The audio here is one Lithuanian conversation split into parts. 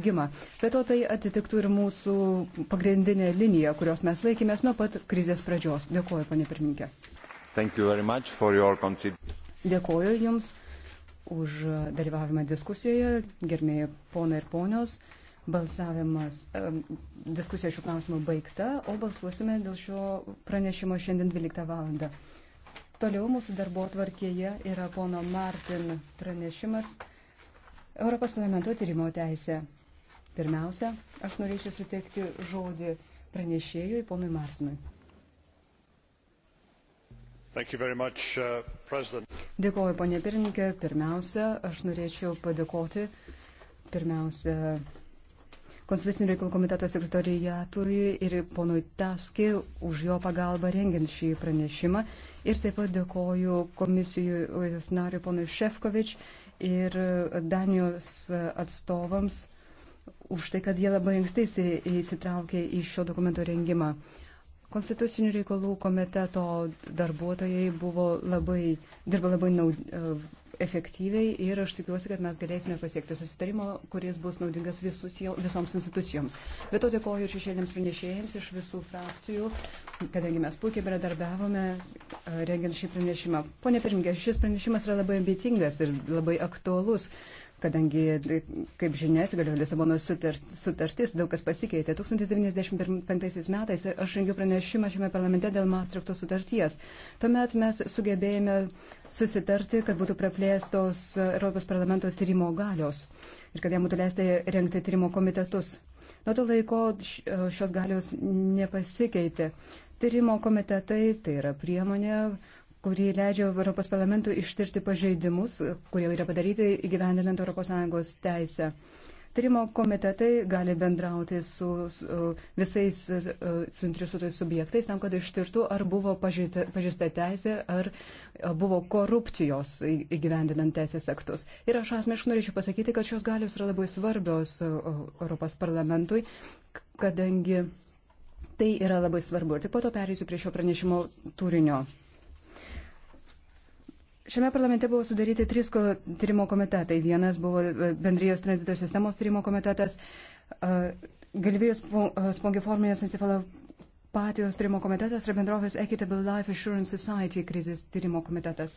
augimą. Bet to tai atitiktų ir mūsų pagrindinė linija, kurios mes laikėmės nuo pat krizės pradžios. Dėkuoju, ponė pirmininkė. Your... Dėkuoju Jums už dalyvavimą diskusijoje, gerbėjai ponai ir ponios. Balsavimas, diskusija šiuo klausimu baigta, o balsuosime dėl šio pranešimo šiandien 12 valandą. Toliau mūsų darbo tvarkėje yra pono Martin pranešimas Europos parlamento tyrimo teisė. Pirmiausia, aš norėčiau suteikti žodį pranešėjui ponui Martinui. Much, uh, Dėkuoju, ponė pirmininkė. Pirmiausia, aš norėčiau padėkoti pirmiausia Konstitucinio reikalų komiteto sekretorijatui ir ponui Taski už jo pagalbą rengiant šį pranešimą. Ir taip pat dėkoju komisijų nariui ponui Šefkovič ir Danijos atstovams už tai, kad jie labai anksti įsitraukė į šio dokumento rengimą. Konstitucinių reikalų komiteto darbuotojai buvo labai, dirba labai naud, e, efektyviai ir aš tikiuosi, kad mes galėsime pasiekti susitarimo, kuris bus naudingas visus, visoms institucijoms. Bet to dėkoju ir šešėlėms pranešėjams iš visų frakcijų, kadangi mes puikiai bendradarbiavome e, rengiant šį pranešimą. Pone pirmininkė, šis pranešimas yra labai ambicingas ir labai aktuolus kadangi, kaip žinia, įsigaliojo Lisabonos sutartis, daug kas pasikeitė. 1995 metais aš rengiau pranešimą šiame parlamente dėl Maastrichto sutarties. Tuomet mes sugebėjome susitarti, kad būtų praplėstos Europos parlamento tyrimo galios ir kad jam būtų leista rengti tyrimo komitetus. Nuo to laiko šios galios nepasikeitė. Tyrimo komitetai tai yra priemonė, kurie leidžia Europos parlamentui ištirti pažeidimus, kurie yra padaryti įgyvendinant ES teisę. Tyrimo komitetai gali bendrauti su, su visais e, suinteresuotais subjektais tam, kad ištirtų, ar buvo pažįsta teisė, ar e, buvo korupcijos įgyvendinant teisės aktus. Ir aš asmeniškai norėčiau pasakyti, kad šios galios yra labai svarbios e, Europos parlamentui, kadangi tai yra labai svarbu. Ir tik po to perėsiu prie šio pranešimo turinio. Šiame parlamente buvo sudaryti trys tyrimo komitetai. Vienas buvo e, bendrijos tranzito sistemos tyrimo komitetas, e, galvijos e, spongiforminės encefalopatijos tyrimo komitetas ir bendrovės Equitable Life Assurance Society krizės tyrimo komitetas.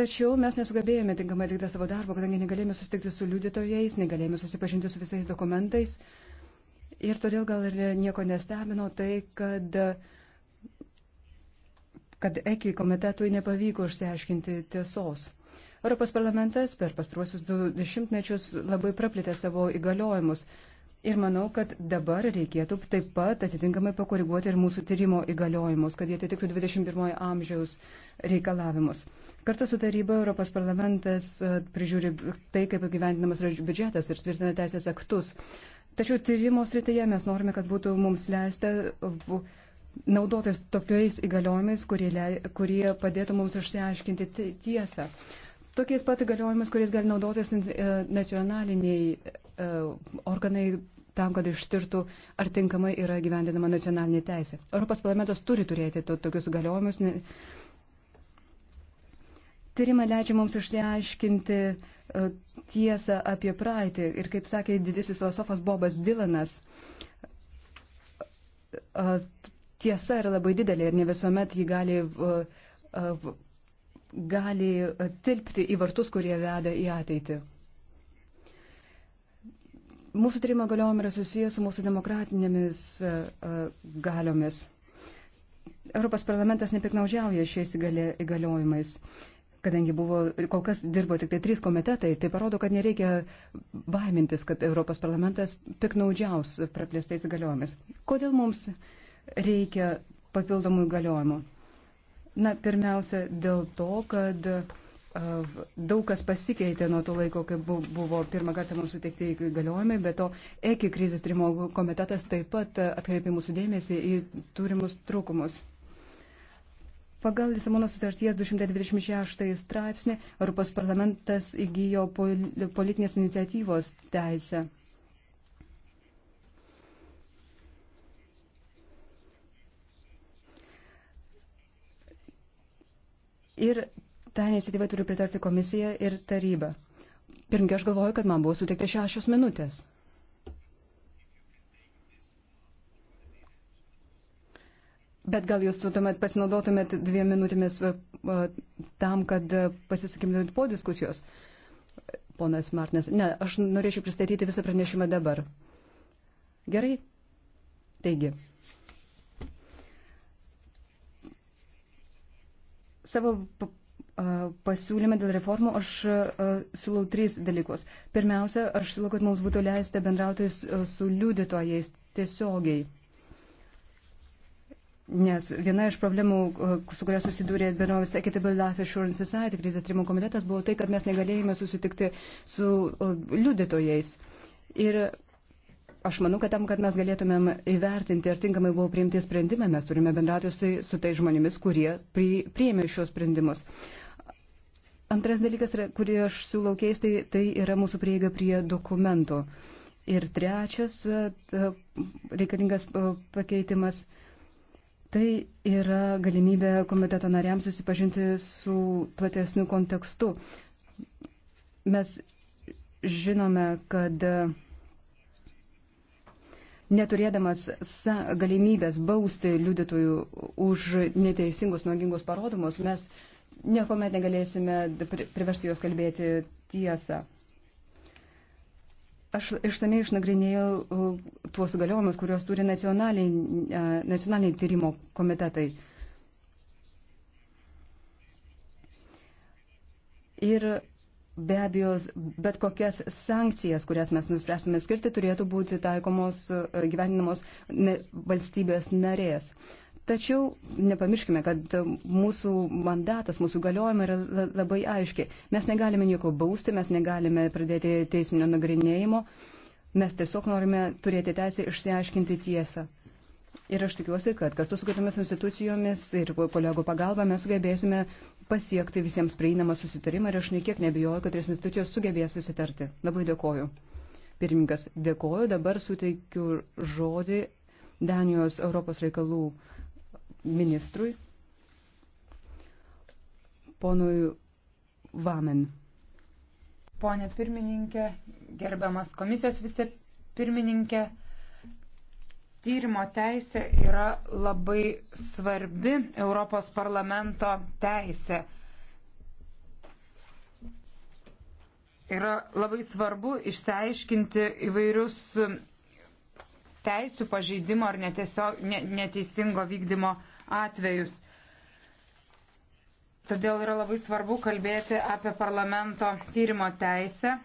Tačiau mes nesugebėjome tinkamai atlikti savo darbo, kadangi negalėjome susitikti su liudytojais, negalėjome susipažinti su visais dokumentais. Ir todėl gal ir nieko nestebino tai, kad uh, kad EKI komitetui nepavyko išsiaiškinti tiesos. Europos parlamentas per pastruosius du dešimtmečius labai praplėtė savo įgaliojimus. Ir manau, kad dabar reikėtų taip pat atitinkamai pakoreguoti ir mūsų tyrimo įgaliojimus, kad jie atitiktų 21 amžiaus reikalavimus. Kartu su taryba Europos parlamentas e, prižiūri tai, kaip gyvendinamas biudžetas ir tvirtina teisės aktus. Tačiau tyrimo srityje mes norime, kad būtų mums leista naudotis tokiais įgaliojimais, kurie, kurie padėtų mums išsiaiškinti tiesą. Tokiais pat įgaliojimais, kuriais gali naudotis e, nacionaliniai e, organai tam, kad ištirtų, ar tinkamai yra gyvendinama nacionalinė teisė. Europos parlamentas turi turėti to, tokius galiojimus. Tyrimą leidžia mums išsiaiškinti e, tiesą apie praeitį. Ir kaip sakė didysis filosofas Bobas Dylanas, tiesa yra labai didelė ir ne visuomet ji gali, uh, uh, gali uh, tilpti į vartus, kurie veda į ateitį. Mūsų tyrimo galiom yra susijęs su mūsų demokratinėmis galiomis. Europos parlamentas nepiknaudžiauja šiais įgaliojimais kadangi buvo, kol kas dirbo tik tai trys komitetai, tai parodo, kad nereikia baimintis, kad Europos parlamentas piknaudžiaus praplėstais įgaliojomis. Kodėl mums reikia papildomų įgaliojimų? Na, pirmiausia, dėl to, kad daug kas pasikeitė nuo to laiko, kai buvo pirmą kartą mums suteikti įgaliojimai, bet to iki krizės trimo komitetas taip pat atkreipė mūsų dėmesį į turimus trūkumus. Pagal Lisabono sutarties 226 straipsnį Europos parlamentas įgyjo politinės iniciatyvos teisę. Ir tą iniciatyvą turi pritarti komisija ir taryba. Pirmkia, aš galvoju, kad man buvo suteikta šešios minutės. Bet gal jūs tuomet pasinaudotumėt dviem minutėmis tam, kad pasisakytumėt po diskusijos, ponas Martinas. Ne, aš norėčiau pristatyti visą pranešimą dabar. Gerai? Taigi. Savo pasiūlyme dėl reformų aš siūlau tris dalykus. Pirmiausia, aš siūlau, kad mums būtų leista bendrauti su liudytojais tiesiogiai. Nes viena iš problemų, su kuria susidūrė bendrovės Equitable Life Assurance Society krizės trimo komitetas, buvo tai, kad mes negalėjome susitikti su liudytojais. Ir Aš manau, kad tam, kad mes galėtumėm įvertinti, ar tinkamai buvo priimti sprendimai, mes turime bendrauti su, su tai žmonėmis, kurie pri, priėmė šios sprendimus. Antras dalykas, kurį aš siūlau keisti, tai yra mūsų prieiga prie dokumentų. Ir trečias e, reikalingas e, pakeitimas, tai yra galimybė komiteto nariams susipažinti su platesniu kontekstu. Mes žinome, kad neturėdamas galimybės bausti liudytojų už neteisingus, nuogingus parodomus, mes niekuomet negalėsime priversti juos kalbėti tiesą. Aš išsamei išnagrinėjau uh, tuos galiojimus, kuriuos turi nacionaliniai, uh, nacionaliniai tyrimo komitetai. Ir Be abejo, bet kokias sankcijas, kurias mes nuspręstume skirti, turėtų būti taikomos e, gyveninamos valstybės narės. Tačiau nepamirškime, kad e, mūsų mandatas, mūsų galiojimai yra labai aiški. Mes negalime nieko bausti, mes negalime pradėti teisminio nagrinėjimo, mes tiesiog norime turėti teisę išsiaiškinti tiesą. Ir aš tikiuosi, kad kartu su kitomis institucijomis ir kolegų pagalba mes sugebėsime pasiekti visiems prieinamą susitarimą ir aš niekiek nebijoju, kad trys institucijos sugebės susitarti. Labai dėkoju. Pirmininkas, dėkoju. Dabar suteikiu žodį Danijos Europos reikalų ministrui, ponui Vamen. Pone pirmininkė, gerbiamas komisijos vicepirmininkė tyrimo teisė yra labai svarbi Europos parlamento teisė. Yra labai svarbu išsiaiškinti įvairius teisų pažeidimo ar netiesiog, ne, neteisingo vykdymo atvejus. Todėl yra labai svarbu kalbėti apie parlamento tyrimo teisę.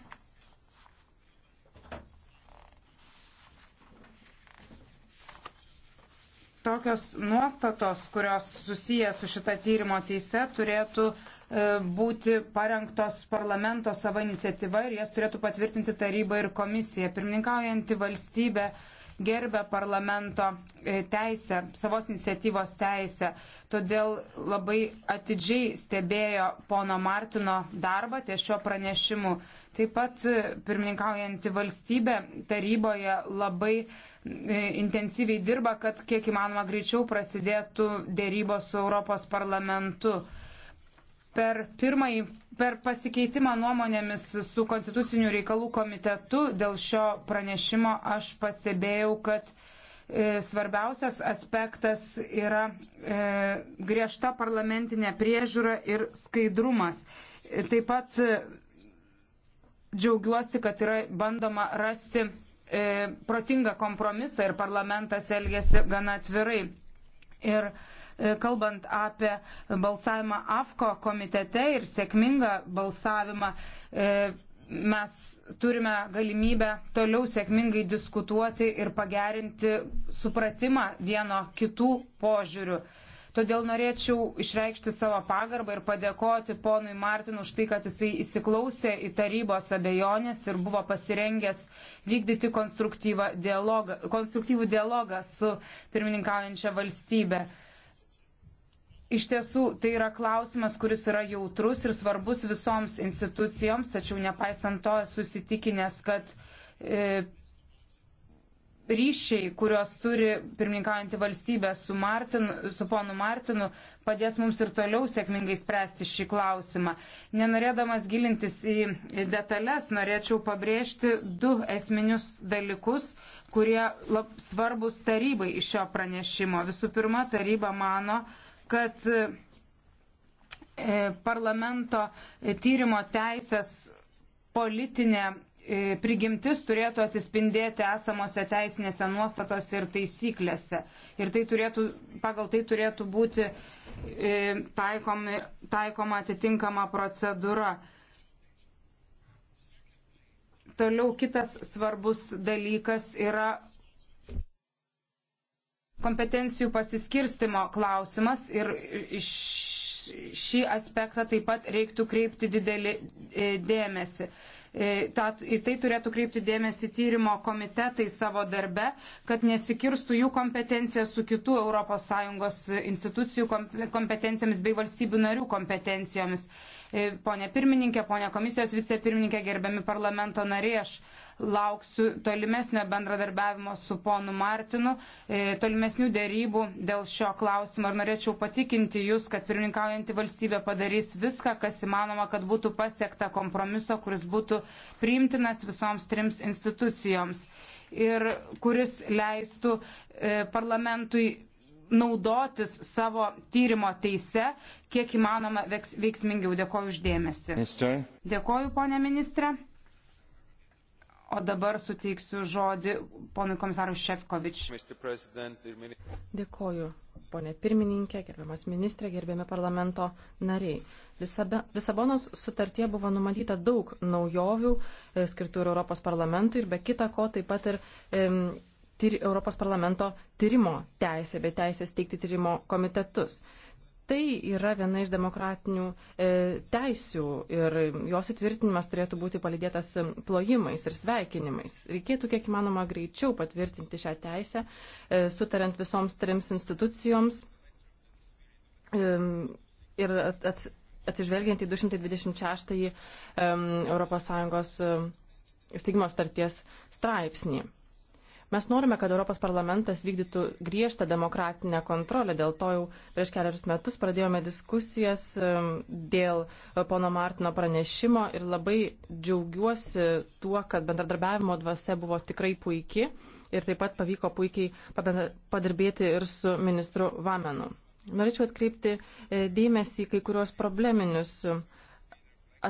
tokios nuostatos, kurios susiję su šita tyrimo teise, turėtų e, būti parengtos parlamento savo iniciatyva ir jas turėtų patvirtinti taryba ir komisija. Pirmininkaujanti valstybė gerbė parlamento e, teisę, savos iniciatyvos teisę. Todėl labai atidžiai stebėjo pono Martino darbą ties šio pranešimu. Taip pat e, pirmininkaujanti valstybė taryboje labai E, intensyviai dirba, kad kiek įmanoma greičiau prasidėtų dėrybos su Europos parlamentu. Per, pirmąjį, per pasikeitimą nuomonėmis su konstituciniu reikalų komitetu dėl šio pranešimo aš pastebėjau, kad e, svarbiausias aspektas yra e, griežta parlamentinė priežiūra ir skaidrumas. E, taip pat džiaugiuosi, kad yra bandoma rasti e, protingą kompromisą ir parlamentas elgėsi gana atvirai. Ir e, kalbant apie balsavimą AFKO komitete ir sėkmingą balsavimą, e, mes turime galimybę toliau sėkmingai diskutuoti ir pagerinti supratimą vieno kitų požiūrių. Todėl norėčiau išreikšti savo pagarbą ir padėkoti ponui Martinu už tai, kad jisai įsiklausė į tarybos abejonės ir buvo pasirengęs vykdyti dialogą, konstruktyvų dialogą su pirmininkaujančia valstybė. Iš tiesų, tai yra klausimas, kuris yra jautrus ir svarbus visoms institucijoms, tačiau nepaisant to esu įsitikinęs, kad e, ryšiai, kurios turi pirmininkaujantį valstybę su, Martin, su ponu Martinu, padės mums ir toliau sėkmingai spręsti šį klausimą. Nenorėdamas gilintis į detalės, norėčiau pabrėžti du esminius dalykus, kurie lab, svarbus tarybai iš šio pranešimo. Visų pirma, taryba mano, kad e, parlamento tyrimo teisės politinė E, prigimtis turėtų atsispindėti esamose teisinėse nuostatose ir taisyklėse. Ir tai turėtų, pagal tai turėtų būti e, taikomi, taikoma atitinkama procedūra. Toliau kitas svarbus dalykas yra kompetencijų pasiskirstimo klausimas ir šį aspektą taip pat reiktų kreipti didelį e, dėmesį. E, į tai turėtų kreipti dėmesį tyrimo komitetai savo darbe, kad nesikirstų jų kompetencija su kitų ES institucijų kompetencijomis bei valstybių narių kompetencijomis. E, pone pirmininkė, pone komisijos vicepirmininkė, gerbiami parlamento nariai, aš lauksiu tolimesnio bendradarbiavimo su ponu Martinu, e, tolimesnių dėrybų dėl šio klausimo ir norėčiau patikinti Jūs, kad pirmininkaujanti valstybė padarys viską, kas įmanoma, kad būtų pasiekta kompromiso, kuris būtų priimtinas visoms trims institucijoms ir kuris leistų e, parlamentui naudotis savo tyrimo teise, kiek įmanoma veiksmingiau. Dėkoju uždėmesi. Dėkoju, ponė ministrė. O dabar suteiksiu žodį ponui komisarui Šefkovič. Dėkoju, ponė pirmininkė, gerbiamas ministrė, gerbiami parlamento nariai. Lisabe, Lisabonos sutartie buvo numatyta daug naujovių e, skirtų ir Europos parlamentui ir be kita ko taip pat ir e, tyri, Europos parlamento tyrimo teisė bei teisės teikti tyrimo komitetus. E, Tai yra viena iš demokratinių e, teisių ir jos įtvirtinimas turėtų būti palidėtas plojimais ir sveikinimais. Reikėtų kiek įmanoma greičiau patvirtinti šią teisę, e, sutarant visoms trims institucijoms e, ir ats, atsižvelgiant į 226 e, ES steigimo starties straipsnį. Mes norime, kad Europos parlamentas vykdytų griežtą demokratinę kontrolę, dėl to jau prieš keliarius metus pradėjome diskusijas dėl e, pono Martino pranešimo ir labai džiaugiuosi tuo, kad bendradarbiavimo dvasia buvo tikrai puikiai ir taip pat pavyko puikiai padirbėti ir su ministru Vamenu. Norėčiau atkreipti e, dėmesį į kai kurios probleminius e,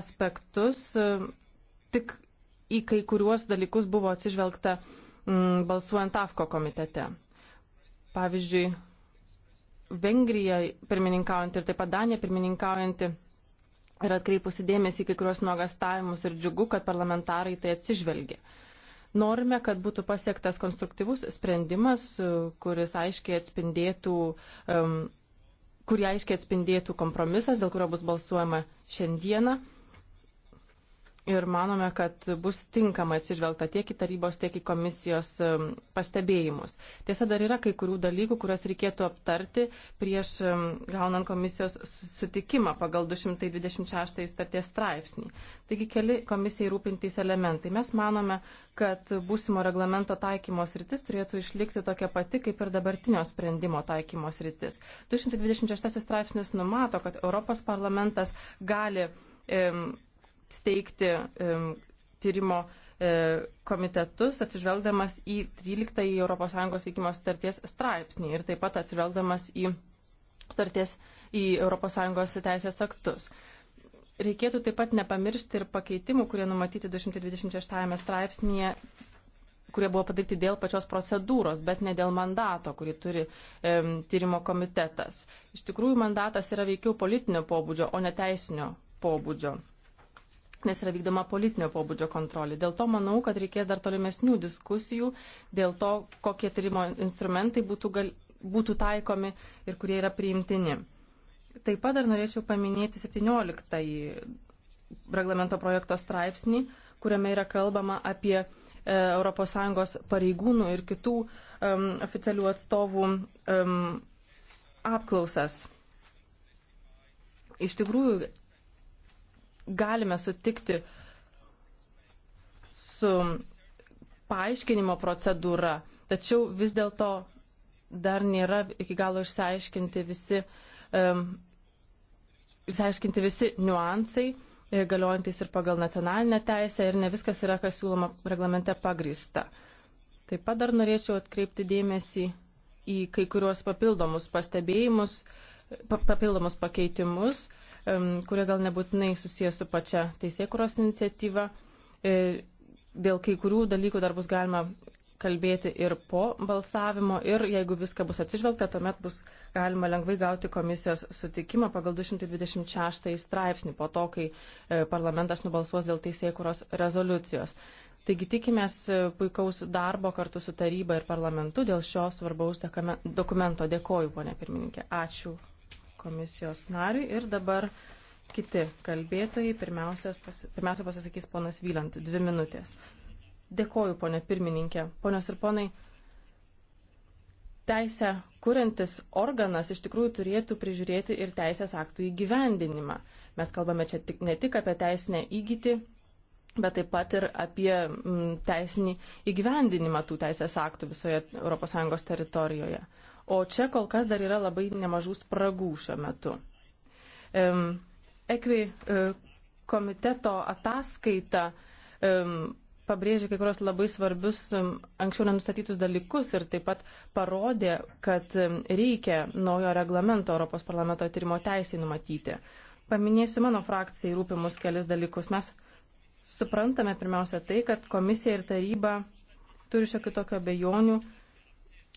aspektus. Tik į kai kuriuos dalykus buvo atsižvelgta uh, Mm, balsuojant AFKO komitete. Pavyzdžiui, Vengrija pirmininkaujant ir taip pat Danija pirmininkaujant ir atkreipusi dėmesį į kai kurios nuogastavimus ir džiugu, kad parlamentarai tai atsižvelgia. Norime, kad būtų pasiektas konstruktyvus sprendimas, kuris aiškiai atspindėtų, um, kurį aiškiai atspindėtų kompromisas, dėl kurio bus balsuojama šiandieną ir manome, kad bus tinkamai atsižvelgta tiek į tarybos, tiek į komisijos pastebėjimus. Tiesa, dar yra kai kurių dalykų, kuriuos reikėtų aptarti prieš gaunant komisijos sutikimą pagal 226 starties straipsnį. Taigi keli komisijai rūpintys elementai. Mes manome, kad būsimo reglamento taikymos rytis turėtų išlikti tokia pati kaip ir dabartinio sprendimo taikymos rytis. 226 straipsnis numato, kad Europos parlamentas gali e, steigti tyrimo e, komitetus, atsižvelgdamas į 13 ES veikimo starties straipsnį ir taip pat atsižvelgdamas į starties į ES teisės aktus. Reikėtų taip pat nepamiršti ir pakeitimų, kurie numatyti 226 straipsnėje, kurie buvo padaryti dėl pačios procedūros, bet ne dėl mandato, kurį turi e, tyrimo komitetas. Iš tikrųjų, mandatas yra veikiau politinio pobūdžio, o ne teisinio pobūdžio nes yra vykdoma politinio pobūdžio kontrolė. Dėl to manau, kad reikės dar tolimesnių diskusijų dėl to, kokie tyrimo instrumentai būtų, gal, būtų taikomi ir kurie yra priimtini. Taip pat dar norėčiau paminėti 17 reglamento projekto straipsnį, kuriame yra kalbama apie ES pareigūnų ir kitų um, oficialių atstovų um, apklausas. Iš tikrųjų, galime sutikti su paaiškinimo procedūra, tačiau vis dėlto dar nėra iki galo išsiaiškinti visi, um, išsiaiškinti visi niuansai e, galiojantis ir pagal nacionalinę teisę ir ne viskas yra, kas siūloma reglamente pagrįsta. Taip pat dar norėčiau atkreipti dėmesį į kai kuriuos papildomus pastebėjimus, papildomus pakeitimus, kurie gal nebūtinai susijęs su pačia teisėkuros iniciatyva. E, dėl kai kurių dalykų dar bus galima kalbėti ir po balsavimo ir jeigu viską bus atsižvelgta, tuomet bus galima lengvai gauti komisijos sutikimą pagal 226 straipsnį po to, kai e, parlamentas nubalsuos dėl teisėkuros rezoliucijos. Taigi tikimės e, puikaus darbo kartu su taryba ir parlamentu dėl šio svarbaus dokumento. Dėkoju, ponė pirmininkė. Ačiū komisijos nariui. Ir dabar kiti kalbėtojai. Pirmiausia, pirmiausia pasisakys ponas Vylant. Dvi minutės. Dėkoju, ponė pirmininkė. Ponios ir ponai, teisę kuriantis organas iš tikrųjų turėtų prižiūrėti ir teisės aktų įgyvendinimą. Mes kalbame čia tik, ne tik apie teisinę įgyti, bet taip pat ir apie m, mm, teisinį įgyvendinimą tų teisės aktų visoje ES teritorijoje. O čia kol kas dar yra labai nemažų spragų šiuo metu. Ekvi e, komiteto ataskaita pabrėžė kai kurios labai svarbius anksčiau nenustatytus dalykus ir taip pat parodė, kad reikia naujo reglamento Europos parlamento tyrimo teisai numatyti. Paminėsiu mano frakcijai rūpimus kelis dalykus. Mes suprantame pirmiausia tai, kad komisija ir taryba turi šiokių tokio bejonių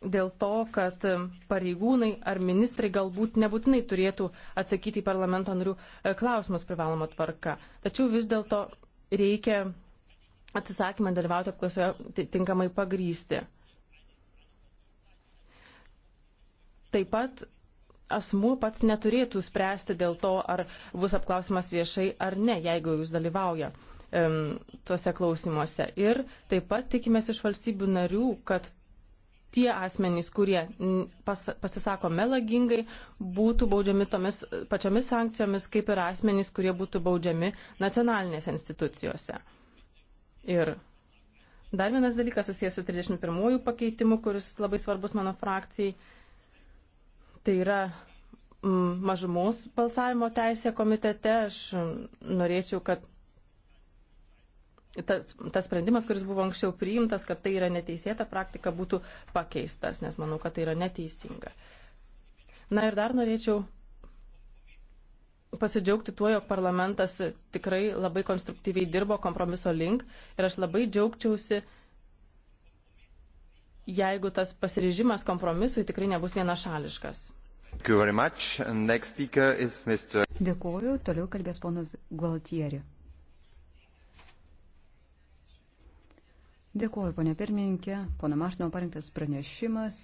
dėl to, kad pareigūnai ar ministrai galbūt nebūtinai turėtų atsakyti į parlamento narių e, klausimus privaloma tvarka. Tačiau vis dėlto reikia atsisakymą dalyvauti apklausoje tinkamai pagrysti. Taip pat asmuo pats neturėtų spręsti dėl to, ar bus apklausimas viešai ar ne, jeigu jūs dalyvauja um, tuose klausimuose. Ir taip pat tikimės iš valstybių narių, kad tie asmenys, kurie pas, pasisako melagingai, būtų baudžiami tomis pačiomis sankcijomis, kaip ir asmenys, kurie būtų baudžiami nacionalinėse institucijose. Ir dar vienas dalykas susijęs su 31 pakeitimu, kuris labai svarbus mano frakcijai, tai yra mažumos balsavimo teisė komitete. Aš norėčiau, kad tas, tas sprendimas, kuris buvo anksčiau priimtas, kad tai yra neteisėta praktika, būtų pakeistas, nes manau, kad tai yra neteisinga. Na ir dar norėčiau pasidžiaugti tuo, jog parlamentas tikrai labai konstruktyviai dirbo kompromiso link ir aš labai džiaugčiausi, jeigu tas pasiryžimas kompromisui tikrai nebus vienašališkas. Dėkuoju, toliau kalbės ponas Gualtieri. Dėkuoju, ponė pirmininkė, pono Martino parinktas pranešimas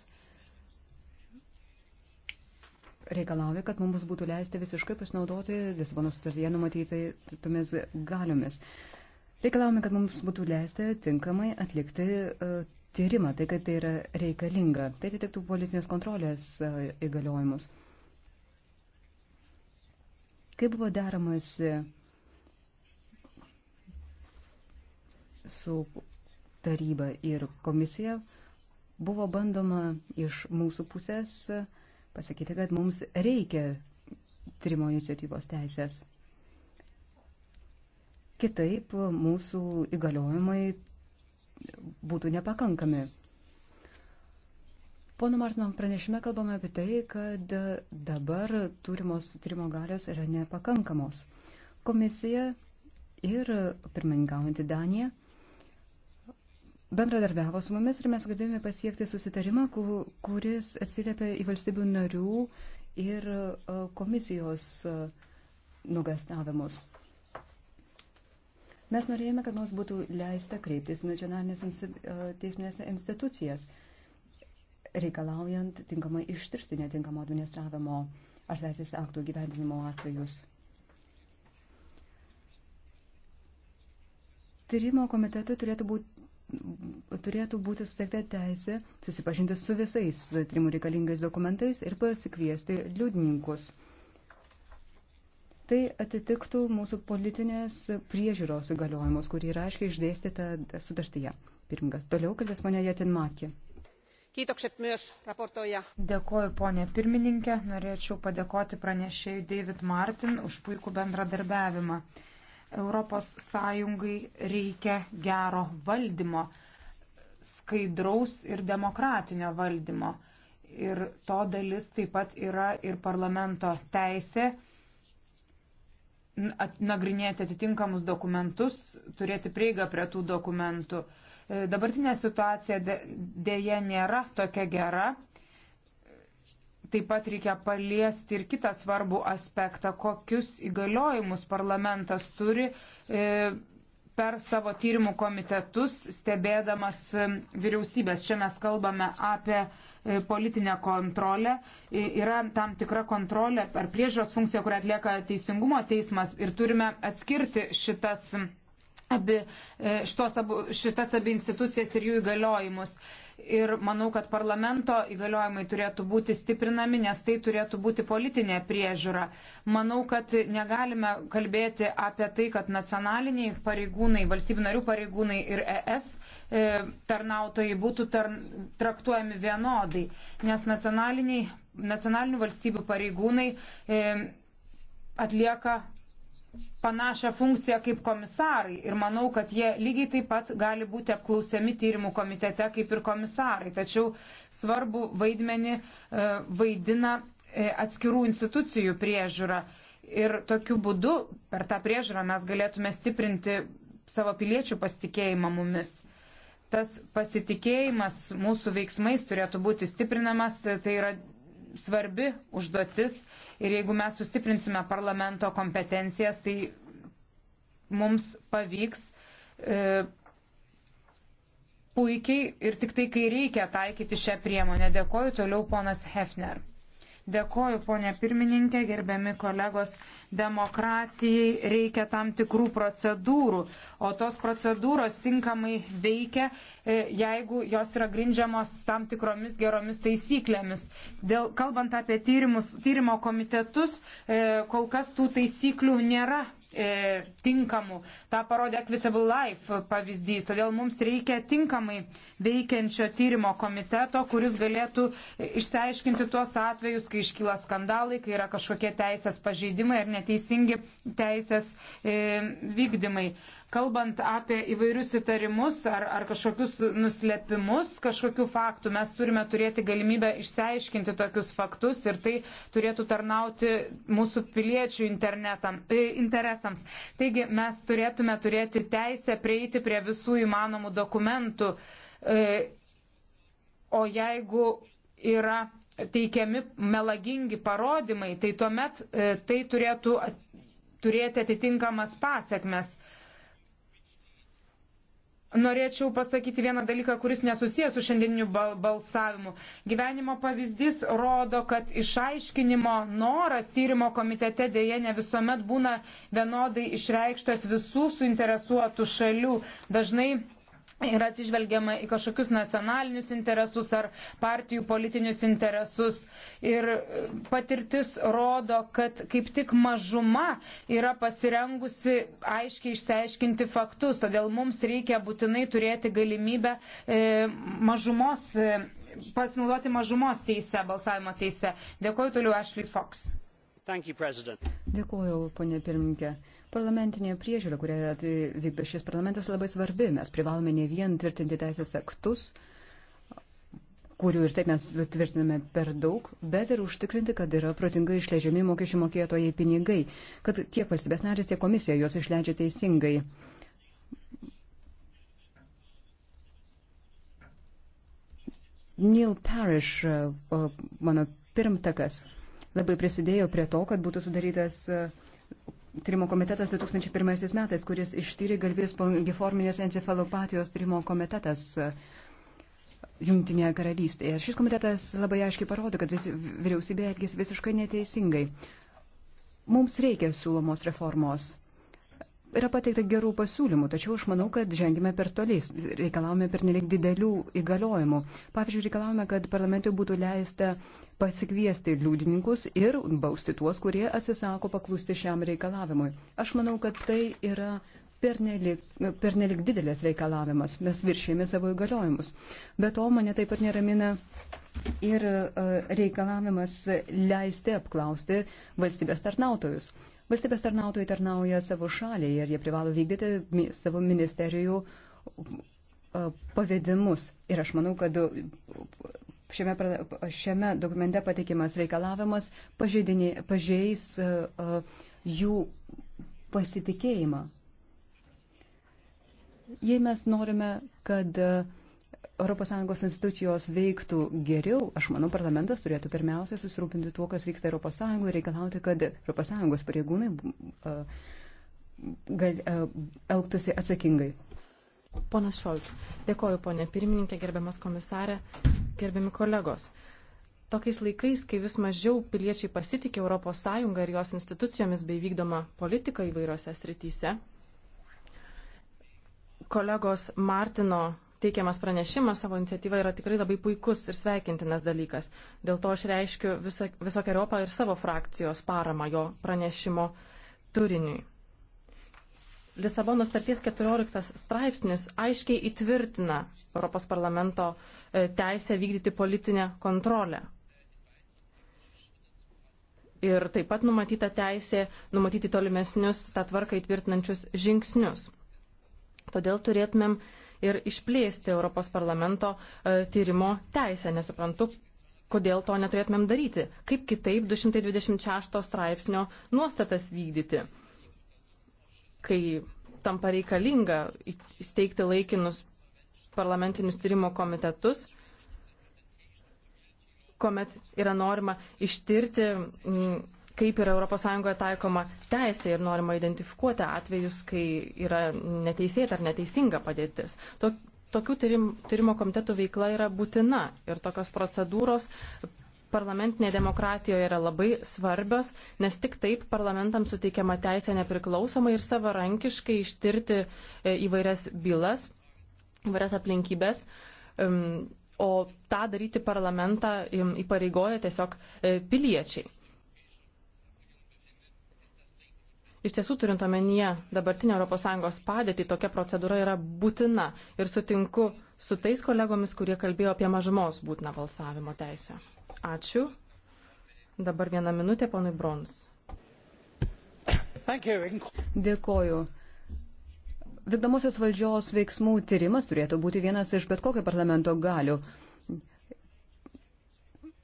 reikalauja, kad mums būtų leista visiškai pasinaudoti Lisabono sutartyje numatytai tomis galiomis. Reikalavome, kad mums būtų leista tinkamai atlikti uh, tyrimą, tai kad tai yra reikalinga. Tai atitiktų politinės kontrolės uh, įgaliojimus. Kaip buvo daromas su taryba ir komisija buvo bandoma iš mūsų pusės pasakyti, kad mums reikia tyrimo iniciatyvos teisės. Kitaip mūsų įgaliojimai būtų nepakankami. Pono Martino pranešime kalbame apie tai, kad dabar turimos tyrimo galios yra nepakankamos. Komisija ir pirmininkaujantį Daniją bendradarbiavo su mumis ir mes sugebėjome pasiekti susitarimą, kuris atsiliepia į valstybių narių ir e, komisijos e, nugastavimus. Mes norėjome, kad mums būtų leista kreiptis nacionalinės e, teisinės institucijas, reikalaujant tinkamai ištiršti netinkamo administravimo ar teisės aktų gyvendinimo atvejus. Tyrimo komitetui turėtų būti turėtų būti suteikta teisė susipažinti su visais trimų reikalingais dokumentais ir pasikviesti liudininkus. Tai atitiktų mūsų politinės priežiūros įgaliojimus, kurį yra aiškiai išdėstyta sutartyje. Pirmingas. Toliau kalbės ponia Jatinmakė. Kiitokset myös raportoija. Dėkoju, ponė pirmininkė. Norėčiau padėkoti pranešėjui David Martin už puikų bendradarbiavimą. ES reikia gero valdymo, skaidraus ir demokratinio valdymo. Ir to dalis taip pat yra ir parlamento teisė nagrinėti atitinkamus dokumentus, turėti prieigą prie tų dokumentų. E, dabartinė situacija dėje nėra tokia gera. Taip pat reikia paliesti ir kitą svarbų aspektą, kokius įgaliojimus parlamentas turi e, per savo tyrimų komitetus, stebėdamas e, vyriausybės. Čia mes kalbame apie e, politinę kontrolę. Yra tam tikra kontrolė ar priežiūros funkcija, kurią atlieka Teisingumo teismas ir turime atskirti šitas abi, šitos, abu, šitas abi institucijas ir jų įgaliojimus ir manau, kad parlamento įgaliojimai turėtų būti stiprinami, nes tai turėtų būti politinė priežiūra. Manau, kad negalime kalbėti apie tai, kad nacionaliniai pareigūnai, valstybių narių pareigūnai ir ES e, tarnautojai būtų tarn, traktuojami vienodai, nes nacionaliniai, nacionalinių valstybių pareigūnai e, atlieka panašią funkciją kaip komisarai ir manau, kad jie lygiai taip pat gali būti apklausiami tyrimų komitete kaip ir komisarai. Tačiau svarbu vaidmenį e, vaidina e, atskirų institucijų priežiūra. Ir tokiu būdu per tą priežiūrą mes galėtume stiprinti savo piliečių pasitikėjimą mumis. Tas pasitikėjimas mūsų veiksmais turėtų būti stiprinamas, tai yra svarbi užduotis ir jeigu mes sustiprinsime parlamento kompetencijas, tai mums pavyks e, puikiai ir tik tai, kai reikia taikyti šią priemonę. Dėkoju toliau ponas Hefner. Dėkoju, ponė pirmininkė, gerbiami kolegos. Demokratijai reikia tam tikrų procedūrų, o tos procedūros tinkamai veikia, e, jeigu jos yra grindžiamos tam tikromis geromis taisyklėmis. Dėl, kalbant apie tyrimus, tyrimo komitetus, e, kol kas tų taisyklių nėra e, tinkamų. Ta parodė Equitable Life pavyzdys. Todėl mums reikia tinkamai veikiančio tyrimo komiteto, kuris galėtų išsiaiškinti tuos atvejus, kai iškyla skandalai, kai yra kažkokie teisės pažeidimai ar neteisingi teisės e, vykdymai. Kalbant apie įvairius įtarimus ar, ar kažkokius nuslepimus kažkokių faktų, mes turime turėti galimybę išsiaiškinti tokius faktus ir tai turėtų tarnauti mūsų piliečių e, interesams procesams. Taigi mes turėtume turėti teisę prieiti prie visų įmanomų dokumentų. E, o jeigu yra teikiami melagingi parodymai, tai tuomet e, tai turėtų turėti atitinkamas pasiekmes. Norėčiau pasakyti vieną dalyką, kuris nesusijęs su šiandieniniu balsavimu. Gyvenimo pavyzdys rodo, kad išaiškinimo noras tyrimo komitete dėje ne visuomet būna vienodai išreikštas visų suinteresuotų šalių. Dažnai yra atsižvelgiama į kažkokius nacionalinius interesus ar partijų politinius interesus. Ir patirtis rodo, kad kaip tik mažuma yra pasirengusi aiškiai išsiaiškinti faktus. Todėl mums reikia būtinai turėti galimybę e, mažumos, e, pasinaudoti mažumos teisę, balsavimo teisę. Dėkuoju toliau, Ashley Fox. Dėkuoju, ponė pirmininkė. Parlamentinė priežiūra, kurią tai vykdo šis parlamentas, labai svarbi. Mes privalome ne vien tvirtinti teisės aktus, kurių ir taip mes tvirtiname per daug, bet ir užtikrinti, kad yra protingai išleidžiami mokesčių mokėtojai pinigai, kad tiek valstybės narės, tiek komisija juos išleidžia teisingai. Neil Parrish, mano pirmtakas, labai prisidėjo prie to, kad būtų sudarytas e, tyrimo komitetas 2001 metais, kuris ištyrė galvijos pangiforminės encefalopatijos tyrimo komitetas. E, Jungtinėje karalystėje. Šis komitetas labai aiškiai parodo, kad vis, vyriausybė elgis visiškai neteisingai. Mums reikia siūlomos reformos yra pateikta gerų pasiūlymų, tačiau aš manau, kad žengime per toliais, reikalavome per nelik didelių įgaliojimų. Pavyzdžiui, reikalavome, kad parlamentui būtų leista pasikviesti liudininkus ir bausti tuos, kurie atsisako paklusti šiam reikalavimui. Aš manau, kad tai yra pernelik, pernelik didelis reikalavimas, mes viršėjame savo įgaliojimus. Be to, mane taip pat neramina ir e, reikalavimas leisti apklausti valstybės tarnautojus. Valstybės tarnautojai tarnauja savo šaliai ir jie privalo vykdyti savo ministerijų pavedimus. Ir aš manau, kad šiame, šiame dokumente pateikimas reikalavimas pažeis jų pasitikėjimą. Jei mes norime, kad uh, ES institucijos veiktų geriau, aš manau, parlamentas turėtų pirmiausia susirūpinti tuo, kas vyksta ES ir reikalauti, kad ES pareigūnai uh, gal, uh, elgtųsi atsakingai. Ponas Šolts, dėkoju ponė pirmininkė, gerbiamas komisarė, gerbiami kolegos. Tokiais laikais, kai vis mažiau piliečiai pasitikė ES ir jos institucijomis bei vykdoma politika įvairiose srityse, kolegos Martino teikiamas pranešimas savo iniciatyva yra tikrai labai puikus ir sveikintinas dalykas. Dėl to aš reiškiu visokiojopą ir savo frakcijos paramą jo pranešimo turiniui. Lisabono starties 14 straipsnis aiškiai įtvirtina Europos parlamento e, teisę vykdyti politinę kontrolę. Ir taip pat numatyta teisė numatyti tolimesnius tą tvarką įtvirtinančius žingsnius. Todėl turėtumėm uh, ir išplėsti Europos parlamento e, tyrimo teisę. Nesuprantu, kodėl to neturėtumėm daryti. Kaip kitaip 226 straipsnio nuostatas vykdyti, kai tampa reikalinga įsteigti laikinus parlamentinius tyrimo komitetus, kuomet yra norima ištirti kaip yra ES taikoma teisė ir norima identifikuoti atvejus, kai yra neteisėta ar neteisinga padėtis. Tok, tokių tyrim, tyrimo komitetų veikla yra būtina ir tokios procedūros parlamentinėje demokratijoje yra labai svarbios, nes tik taip parlamentams suteikiama teisė nepriklausomai ir savarankiškai ištirti e, įvairias bylas, įvairias aplinkybės. O tą daryti parlamentą įpareigoja tiesiog e, piliečiai. Iš tiesų, turint omenyje dabartinę ES padėtį, tokia procedūra yra būtina ir sutinku su tais kolegomis, kurie kalbėjo apie mažumos būtiną balsavimo teisę. Ačiū. Dabar vieną minutę ponui Brons. Dėkoju. Vykdomosios valdžios veiksmų tyrimas turėtų būti vienas iš bet kokio parlamento galių.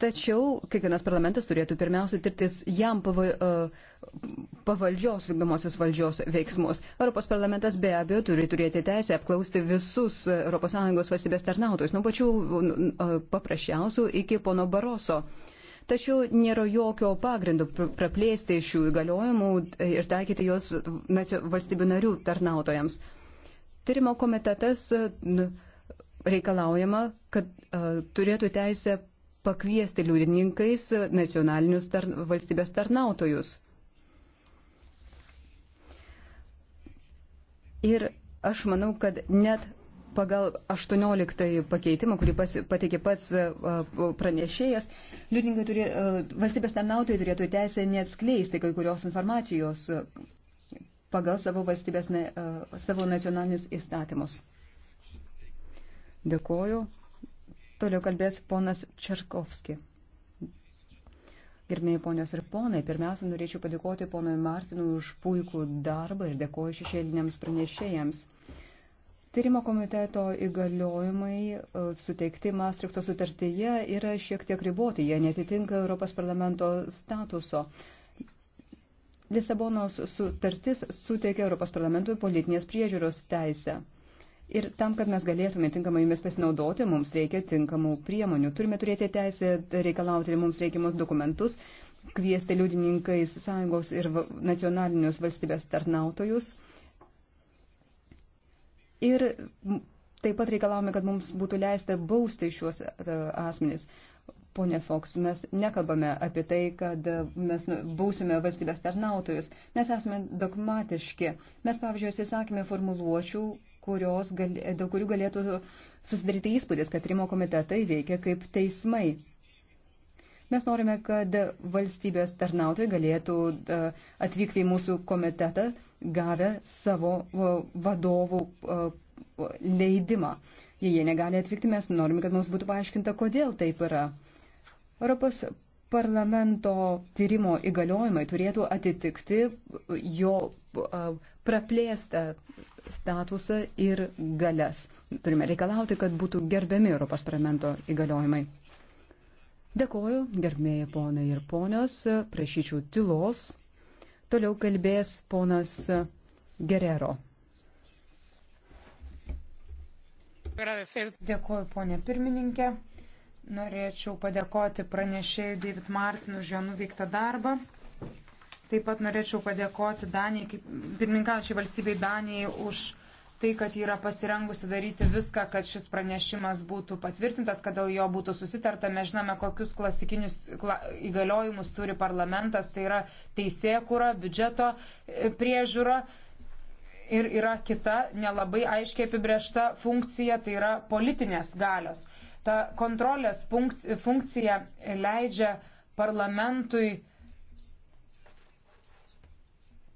Tačiau kiekvienas parlamentas turėtų pirmiausia tirtis jam pavo, uh, pavaldžios vykdomosios valdžios veiksmus. Europos parlamentas be abejo turi turėti teisę apklausti visus ES valstybės tarnautojus, nuo pačių paprasčiausių iki pono Baroso. Tačiau nėra jokio pagrindo praplėsti šių įgaliojimų ir taikyti juos valstybių narių tarnautojams. Tyrimo komitetas reikalaujama, kad turėtų teisę pakviesti liudininkais nacionalinius tar valstybės tarnautojus. Ir aš manau, kad net pagal 18 pakeitimą, kurį pas, pateikė pats e, e, pranešėjas, liudininkai turi, e, valstybės tarnautojai turėtų teisę neatskleisti kai kurios informacijos pagal savo valstybės, ne, savo nacionalinius įstatymus. Dėkoju. Toliau kalbės ponas Čerkovski. Gerbėjai ponios ir ponai, pirmiausia, norėčiau padėkoti ponui Martinui už puikų darbą ir dėkoju šešėliniams pranešėjams. Tyrimo komiteto įgaliojimai e, suteikti Maastrichto sutartyje yra šiek tiek riboti, jie netitinka Europos parlamento statuso. Lisabonos sutartis suteikia Europos parlamentui politinės priežiūros teisę. Ir tam, kad mes galėtume tinkamai jomis pasinaudoti, mums reikia tinkamų priemonių. Turime turėti teisę reikalauti mums reikiamus dokumentus, kviesti liudininkais sąjungos ir nacionalinius valstybės tarnautojus. Ir taip pat reikalavome, kad mums būtų leista bausti šiuos e, asmenys. Pone Fox, mes nekalbame apie tai, kad e, mes nu, būsime valstybės tarnautojus. Mes esame dogmatiški. Mes, pavyzdžiui, atsisakėme formuluočių, kurios, gal, dėl kurių galėtų susidaryti įspūdis, kad Rimo komitetai veikia kaip teismai. Mes norime, kad valstybės tarnautojai galėtų e, atvykti į mūsų komitetą, gavę savo e, vadovų e, leidimą. Jei jie negali atvykti, mes norime, kad mums būtų paaiškinta, kodėl taip yra. Europos parlamento tyrimo įgaliojimai turėtų atitikti jo praplėstą statusą ir galias. Turime reikalauti, kad būtų gerbiami Europos parlamento įgaliojimai. Dėkoju, gerbėjai ponai ir ponios, prašyčiau tylos. Toliau kalbės ponas Gerero. Dėkoju, ponė pirmininkė. Norėčiau padėkoti pranešėjui David Martin už jo nuveiktą darbą. Taip pat norėčiau padėkoti Danijai, pirmininkaučiai valstybei Danijai už tai, kad ji yra pasirengusi daryti viską, kad šis pranešimas būtų patvirtintas, kad dėl jo būtų susitarta. Mes žinome, kokius klasikinius įgaliojimus turi parlamentas. Tai yra teisėkura, biudžeto e, priežiūra ir yra kita nelabai aiškiai apibriešta funkcija, tai yra politinės galios. Ta kontrolės funkcija leidžia parlamentui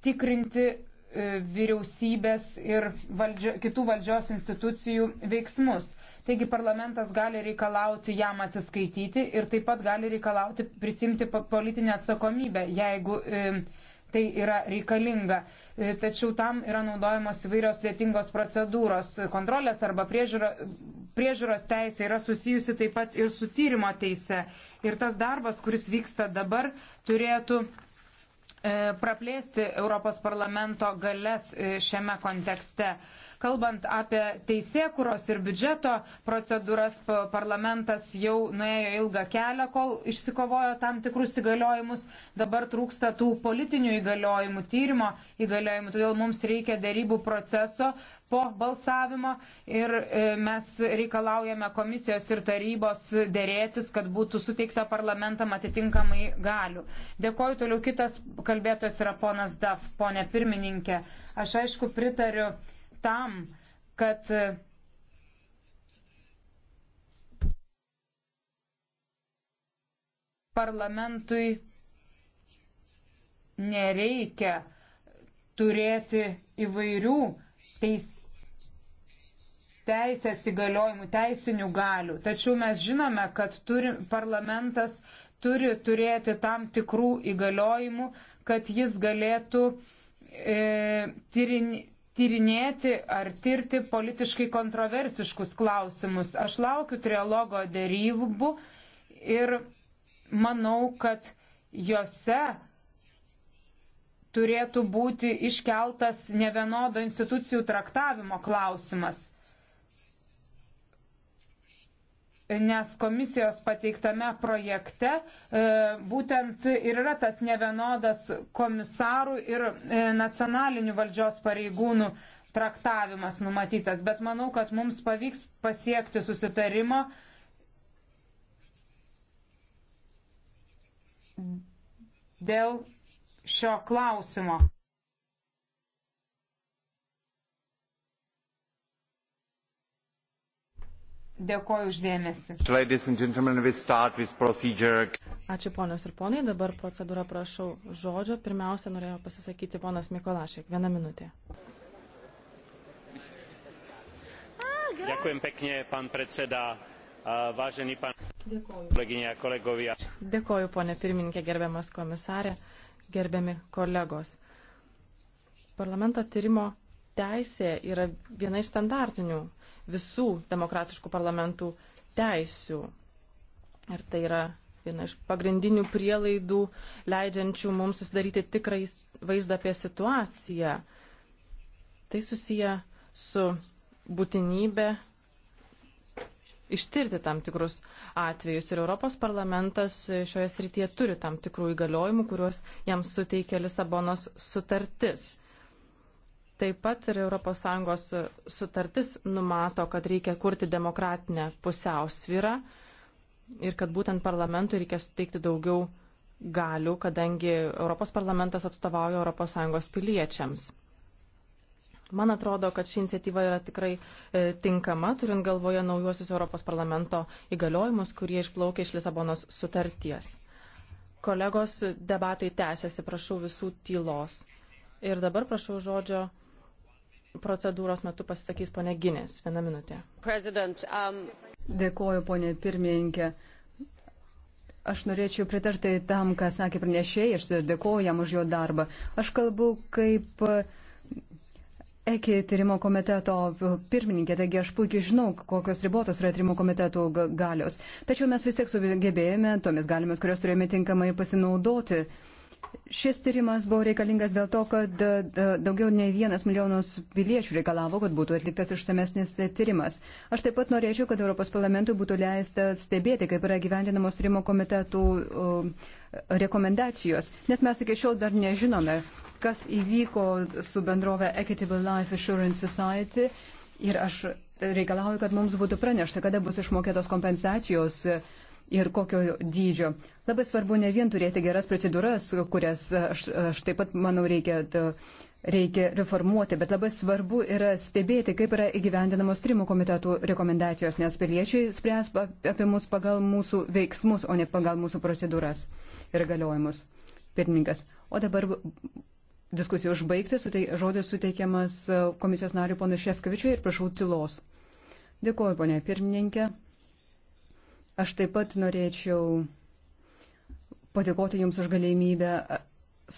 tikrinti e, vyriausybės ir valdžio, kitų valdžios institucijų veiksmus. Taigi parlamentas gali reikalauti jam atsiskaityti ir taip pat gali reikalauti prisimti politinę atsakomybę, jeigu e, tai yra reikalinga. E, tačiau tam yra naudojamos įvairios sudėtingos procedūros. Kontrolės arba priežiūro, priežiūros teisė yra susijusi taip pat ir su tyrimo teise. Ir tas darbas, kuris vyksta dabar, turėtų e, praplėsti Europos parlamento galės e, šiame kontekste. Kalbant apie teisėkuros ir biudžeto procedūras, parlamentas jau nuėjo ilgą kelią, kol išsikovojo tam tikrus įgaliojimus. Dabar trūksta tų politinių įgaliojimų, tyrimo įgaliojimų, todėl mums reikia dėrybų proceso po balsavimo ir e, mes reikalaujame komisijos ir tarybos dėrėtis, kad būtų suteikta parlamentam atitinkamai galių. Dėkoju, toliau kitas kalbėtojas yra ponas Daf, ponė pirmininkė. Aš aišku pritariu tam, kad e, parlamentui nereikia turėti įvairių teis, teisės įgaliojimų, teisinių galių. Tačiau mes žinome, kad turi, parlamentas turi turėti tam tikrų įgaliojimų, kad jis galėtų e, tyrinėti tyrinėti ar tirti politiškai kontroversiškus klausimus. Aš laukiu trialogo dėrybų ir manau, kad juose turėtų būti iškeltas nevienodo institucijų traktavimo klausimas. nes komisijos pateiktame projekte e, būtent ir yra tas nevienodas komisarų ir e, nacionalinių valdžios pareigūnų traktavimas numatytas. Bet manau, kad mums pavyks pasiekti susitarimo dėl šio klausimo. Dėkoju uždėmesi. Ačiū ponios ir ponai, dabar procedūra prašau žodžio. Pirmiausia, norėjo pasisakyti ponas Mikolašek. Vieną minutę. Ďakujem pekne, pán predseda, vážený pán kolegyne a kolegovia. Dėkoju, ponė pirmininkė, gerbiamas komisarė, gerbiami kolegos. Parlamento tyrimo teisė yra viena iš standartinių visų demokratiškų parlamentų teisių. Ir tai yra viena iš pagrindinių prielaidų, leidžiančių mums susidaryti tikrai vaizdą apie situaciją. Tai susiję su būtinybė ištirti tam tikrus atvejus. Ir Europos parlamentas šioje srityje turi tam tikrų įgaliojimų, kuriuos jam suteikia Lisabonos sutartis. Taip pat ir ES sutartis numato, kad reikia kurti demokratinę pusiausvyrą ir kad būtent parlamentui reikia suteikti daugiau galių, kadangi Europos parlamentas atstovauja ES piliečiams. Man atrodo, kad ši iniciatyva yra tikrai e, tinkama, turint galvoje naujuosius Europos parlamento įgaliojimus, kurie išplaukia iš Lisabonos sutarties. Kolegos, debatai tęsiasi, prašau visų tylos. Ir dabar prašau žodžio procedūros metu pasisakys ponė Ginės. Vieną minutę. Um... Dėkuoju, ponė pirmininkė. Aš norėčiau pritarti tam, ką sakė pranešėjai, aš dėkuoju jam už jo darbą. Aš kalbu kaip e, EKI tyrimo komiteto pirmininkė, taigi aš puikiai žinau, kokios ribotos yra tyrimo komitetų galios. Tačiau mes vis tiek sugebėjome tomis galimis, kurios turėjome tinkamai pasinaudoti. Uh, Šis tyrimas buvo reikalingas dėl to, kad e, daugiau nei vienas milijonas piliečių reikalavo, kad būtų atliktas išsamesnis tyrimas. Aš taip pat norėčiau, kad Europos parlamentui būtų leista stebėti, kaip yra gyvendinamos tyrimo komitetų rekomendacijos, nes mes iki šiol dar nežinome, kas įvyko su bendrove Equitable Life Assurance Society ir aš reikalauju, kad mums būtų pranešta, kada bus išmokėtos kompensacijos ir kokio dydžio. Labai svarbu ne vien turėti geras procedūras, kurias aš, aš taip pat manau reikia, reikia reformuoti, bet labai svarbu yra stebėti, kaip yra įgyvendinamos trimų komitetų rekomendacijos, nes piliečiai spręs apie mus pagal mūsų veiksmus, o ne pagal mūsų procedūras ir galiojimus. Pirmininkas. O dabar diskusijų užbaigti, sutei, žodis suteikiamas e, komisijos nariu ponui Šefkevičiui ir prašau tylos. Dėkuoju, ponė pirmininkė. Aš taip pat norėčiau padėkoti Jums už galimybę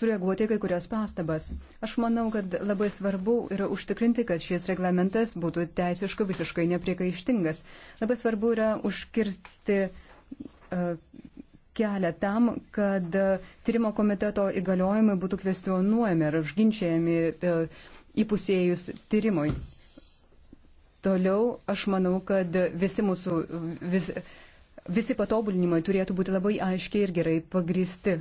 sureaguoti kai kurias pastabas. Aš manau, kad labai svarbu yra užtikrinti, kad šis reglamentas būtų teisiškai visiškai nepriekaištingas. Labai svarbu yra užkirsti uh, kelią tam, kad tyrimo komiteto įgaliojimai būtų kvestionuojami ar užginčiami uh, įpusėjus tyrimui. Toliau aš manau, kad visi mūsų. Vis, uh, visi patobulinimai turėtų būti labai aiškiai ir gerai pagristi.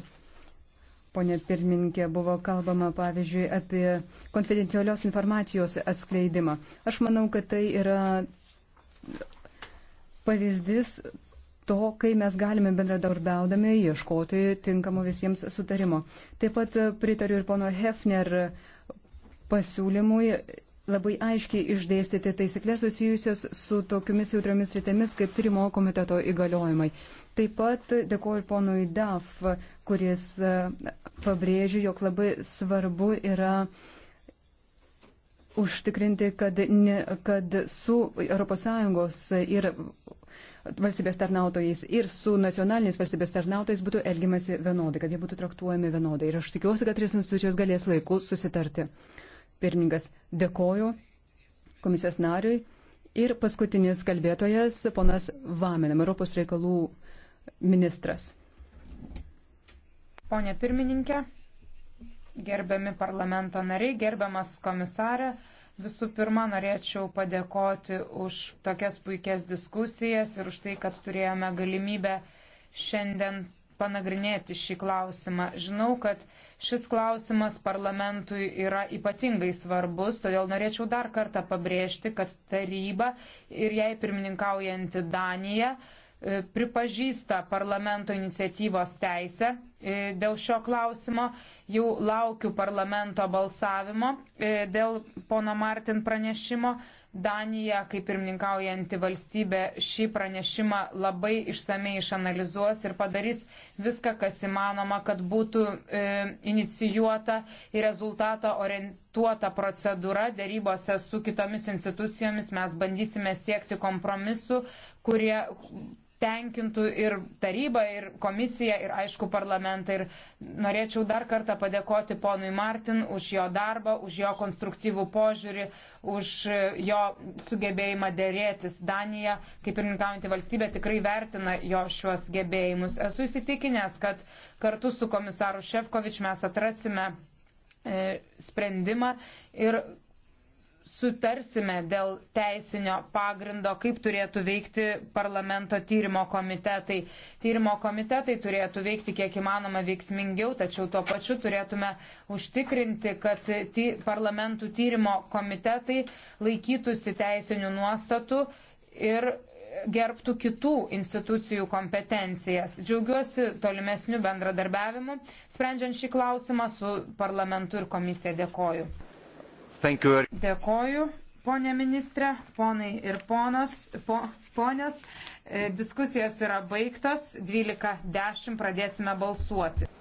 Pone pirmininkė, buvo kalbama, pavyzdžiui, apie konfidencialios informacijos atskleidimą. Aš manau, kad tai yra pavyzdys to, kai mes galime bendradarbiaudami ieškoti tinkamo visiems sutarimo. Taip pat pritariu ir pono Hefner pasiūlymui labai aiškiai išdėstyti taisyklės susijusios su tokiomis jautriomis rytėmis kaip tyrimo komiteto įgaliojimai. Taip pat dėkoju ponui DAF, kuris e, pabrėžė, jog labai svarbu yra užtikrinti, kad, ne, kad su ES ir valstybės tarnautojais ir su nacionaliniais valstybės tarnautojais būtų elgiamasi vienodai, kad jie būtų traktuojami vienodai. Ir aš tikiuosi, kad trys institucijos galės laiku susitarti. Pirmininkas dėkoju komisijos nariui. Ir paskutinis kalbėtojas, ponas Vaminam, Europos reikalų ministras. Pone pirmininkė, gerbiami parlamento nariai, gerbiamas komisarė, visų pirma norėčiau padėkoti už tokias puikias diskusijas ir už tai, kad turėjome galimybę šiandien panagrinėti šį klausimą. Žinau, kad Šis klausimas parlamentui yra ypatingai svarbus, todėl norėčiau dar kartą pabrėžti, kad taryba ir jai pirmininkaujanti Danija e, pripažįsta parlamento iniciatyvos teisę e, dėl šio klausimo. Jau laukiu parlamento balsavimo e, dėl pono Martin pranešimo. Danija, kaip pirmininkaujanti valstybė, šį pranešimą labai išsamei išanalizuos ir padarys viską, kas įmanoma, kad būtų e, inicijuota į rezultatą orientuota procedūra dėrybose su kitomis institucijomis. Mes bandysime siekti kompromisu, kurie tenkintų ir taryba, ir komisija, ir aišku parlamentą. Ir norėčiau dar kartą padėkoti ponui Martin už jo darbą, už jo konstruktyvų požiūrį, už jo sugebėjimą dėrėtis. Danija, kaip ir minkaujantį valstybę, tikrai vertina jo šiuos gebėjimus. Esu įsitikinęs, kad kartu su komisaru Šefkovič mes atrasime e, sprendimą ir sutarsime dėl teisinio pagrindo, kaip turėtų veikti parlamento tyrimo komitetai. Tyrimo komitetai turėtų veikti kiek įmanoma veiksmingiau, tačiau tuo pačiu turėtume užtikrinti, kad ty parlamentų tyrimo komitetai laikytųsi teisinių nuostatų ir gerbtų kitų institucijų kompetencijas. Džiaugiuosi tolimesniu bendradarbiavimu, sprendžiant šį klausimą su parlamentu ir komisija dėkoju. Dėkoju, ponė ministrė, ponai ir ponos, po, ponės. E, diskusijos yra baigtos. 12.10 pradėsime balsuoti.